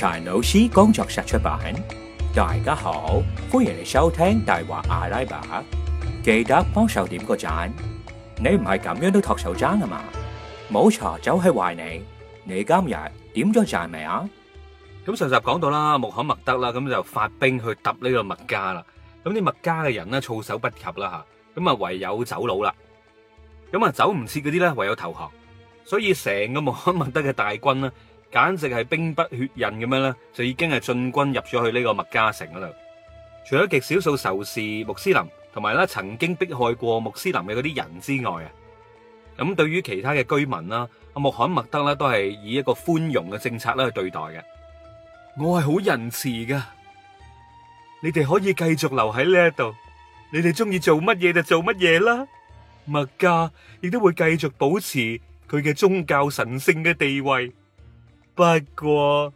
柴老師，工作室出版，大家好，歡迎收聽《大話阿拉伯》，記得幫手點個讚，你唔係咁樣都托手踭啊嘛？冇茶酒係壞你。你今日點咗讚未啊？咁上集講到啦，穆罕默德啦，咁就發兵去揼呢個麥加啦。咁啲麥加嘅人呢，措手不及啦嚇，咁啊唯有走佬啦。咁啊走唔切嗰啲咧，唯有投降。所以成個穆罕默德嘅大軍咧。簡直係兵不血刃咁樣啦，就已經係進軍入咗去呢個麥加城度。除咗極少數仇視穆斯林同埋咧曾經迫害過穆斯林嘅嗰啲人之外啊，咁對於其他嘅居民啦，阿穆罕默德咧都係以一個寬容嘅政策咧去對待嘅。我係好仁慈噶，你哋可以繼續留喺呢一度，你哋中意做乜嘢就做乜嘢啦。麥加亦都會繼續保持佢嘅宗教神聖嘅地位。不過，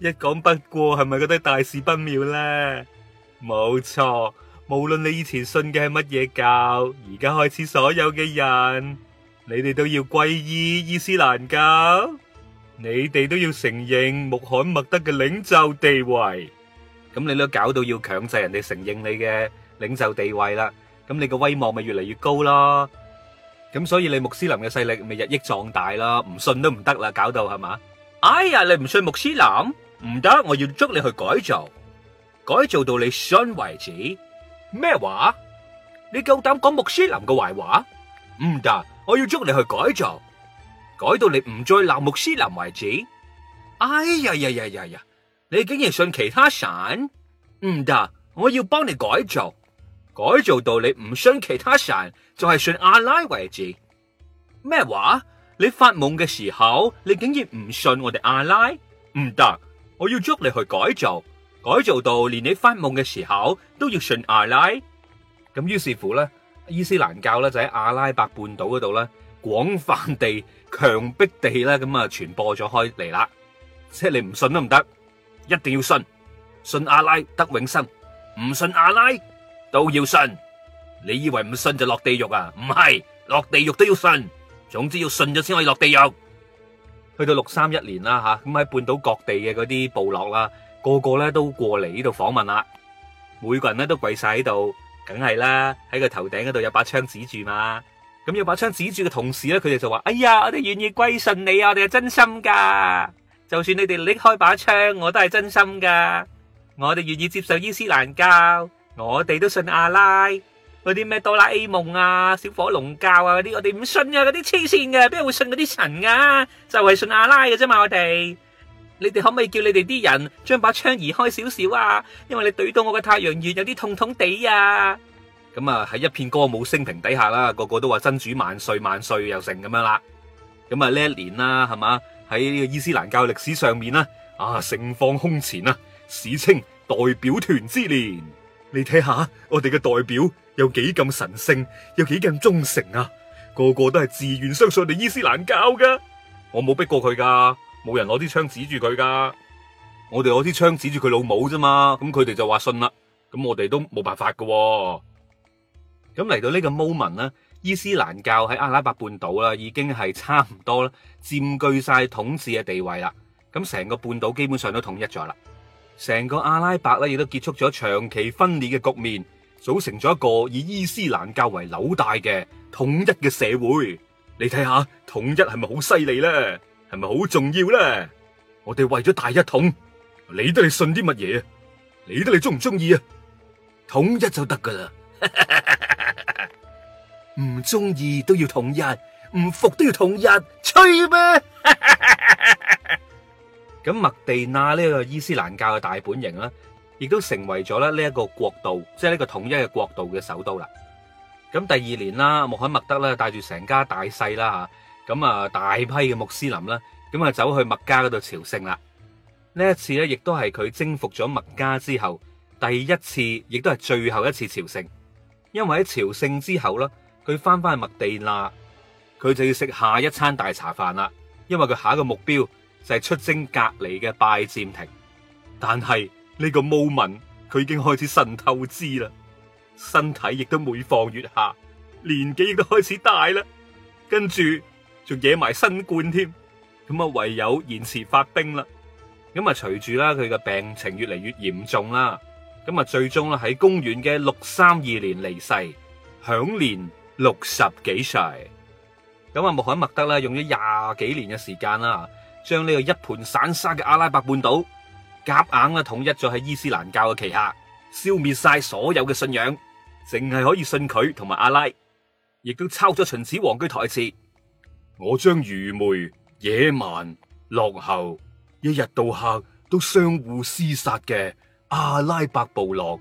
一講不過，係咪覺得大事不妙呢？冇錯，無論你以前信嘅係乜嘢教，而家開始所有嘅人，你哋都要皈依伊斯蘭教，你哋都要承認穆罕默德嘅領袖地位。咁你都搞到要強制人哋承認你嘅領袖地位啦，咁你個威望咪越嚟越高咯。咁所以你穆斯林嘅勢力咪日益壯大啦，唔信都唔得啦，搞到係嘛？哎呀，你唔信穆斯林？唔得，我要捉你去改造，改造到你信為止。咩話？你夠膽講穆斯林嘅壞話？唔得，我要捉你去改造，改到你唔再鬧穆斯林為止。哎呀呀呀呀呀，你竟然信其他神？唔得，我要幫你改造。改造到你唔信其他神，就係信阿拉為止。咩話？你發夢嘅時候，你竟然唔信我哋阿拉？唔得！我要捉你去改造，改造到連你發夢嘅時候都要信阿拉。咁於是乎咧，伊斯蘭教咧就喺阿拉伯半島嗰度咧，廣泛地強迫地咧咁啊傳播咗開嚟啦。即係你唔信都唔得，一定要信，信阿拉得永生，唔信阿拉。都要信，你以為唔信就落地獄啊？唔係落地獄都要信，總之要信咗先可以落地獄。去到六三一年啦，吓，咁喺半島各地嘅嗰啲部落啦，個個咧都過嚟呢度訪問啦。每個人咧都跪晒喺度，梗係啦，喺個頭頂嗰度有把槍指住嘛。咁有把槍指住嘅同時咧，佢哋就話：哎呀，我哋願意歸順你啊，我哋係真心噶。就算你哋拎開把槍，我都係真心噶。我哋願意接受伊斯蘭教。我哋都信阿拉，嗰啲咩哆啦 A 夢啊、小火龍教啊嗰啲，我哋唔信啊。嗰啲黐線嘅，邊會信嗰啲神噶、啊？就係、是、信阿拉嘅啫嘛，我哋。你哋可唔可以叫你哋啲人將把槍移開少少啊？因為你懟到我嘅太陽穴有啲痛痛地啊！咁啊，喺一片歌舞升平底下啦，個個都話真主萬歲萬歲又成咁樣啦。咁啊呢一年啦、啊，係嘛？喺呢個伊斯蘭教歷史上面啦、啊，啊盛況空前啊，史稱代表團之年。你睇下我哋嘅代表有幾咁神聖，有幾咁忠誠啊！個個都係自願相信我哋伊斯蘭教噶，我冇逼過佢噶，冇人攞啲槍指住佢噶，我哋攞啲槍指住佢老母啫嘛！咁佢哋就話信啦，咁我哋都冇辦法噶。咁嚟到呢個 moment 啦，伊斯蘭教喺阿拉伯半島啦，已經係差唔多啦，佔據晒統治嘅地位啦，咁成個半島基本上都統一咗啦。成個阿拉伯咧，亦都結束咗長期分裂嘅局面，組成咗一個以伊斯蘭教為紐帶嘅統一嘅社會。你睇下統一係咪好犀利咧？係咪好重要咧？我哋為咗大一統，理得你都係信啲乜嘢啊？理得你都你中唔中意啊？統一就得噶啦，唔中意都要統一，唔服都要統一，吹咩？ 咁麥地那呢個伊斯蘭教嘅大本營啦，亦都成為咗咧呢一個國度，即係呢個統一嘅國度嘅首都啦。咁第二年啦，穆罕默德咧帶住成家大細啦吓，咁啊大批嘅穆斯林啦，咁啊走去麥加嗰度朝聖啦。呢一次咧，亦都係佢征服咗麥加之後第一次，亦都係最後一次朝聖，因為喺朝聖之後啦，佢翻翻去麥地那，佢就要食下一餐大茶飯啦，因為佢下一個目標，就係出征隔籬嘅拜占庭，但係呢、這個穆文佢已經開始滲透支啦，身體亦都每況愈下，年紀亦都開始大啦，跟住仲惹埋新冠添，咁啊唯有延遲發兵啦，咁啊隨住啦佢嘅病情越嚟越嚴重啦，咁啊最終啦喺公元嘅六三二年離世，享年六十幾歲，咁啊穆罕默德啦用咗廿幾年嘅時間啦。將呢個一盤散沙嘅阿拉伯半島夾硬啦統一咗喺伊斯蘭教嘅旗下，消滅晒所有嘅信仰，淨係可以信佢同埋阿拉，亦都抄咗秦始皇嘅台詞：我將愚昧、野蠻、落後，一日到黑都相互廝殺嘅阿拉伯部落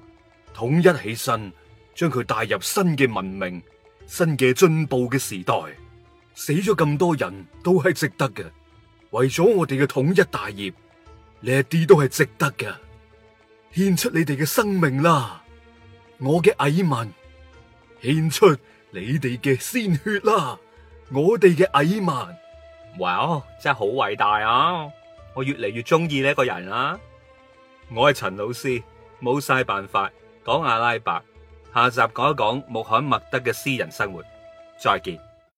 統一起身，將佢帶入新嘅文明、新嘅進步嘅時代，死咗咁多人都係值得嘅。為咗我哋嘅統一大業，呢一啲都係值得㗎，獻出你哋嘅生命啦！我嘅矮曼，獻出你哋嘅鮮血啦！我哋嘅矮曼，哇，真係好偉大啊！我越嚟越中意呢一個人啦，啊！我係陳老師，冇晒辦法，講阿拉伯，下集講一講穆罕默德嘅私人生活，再見。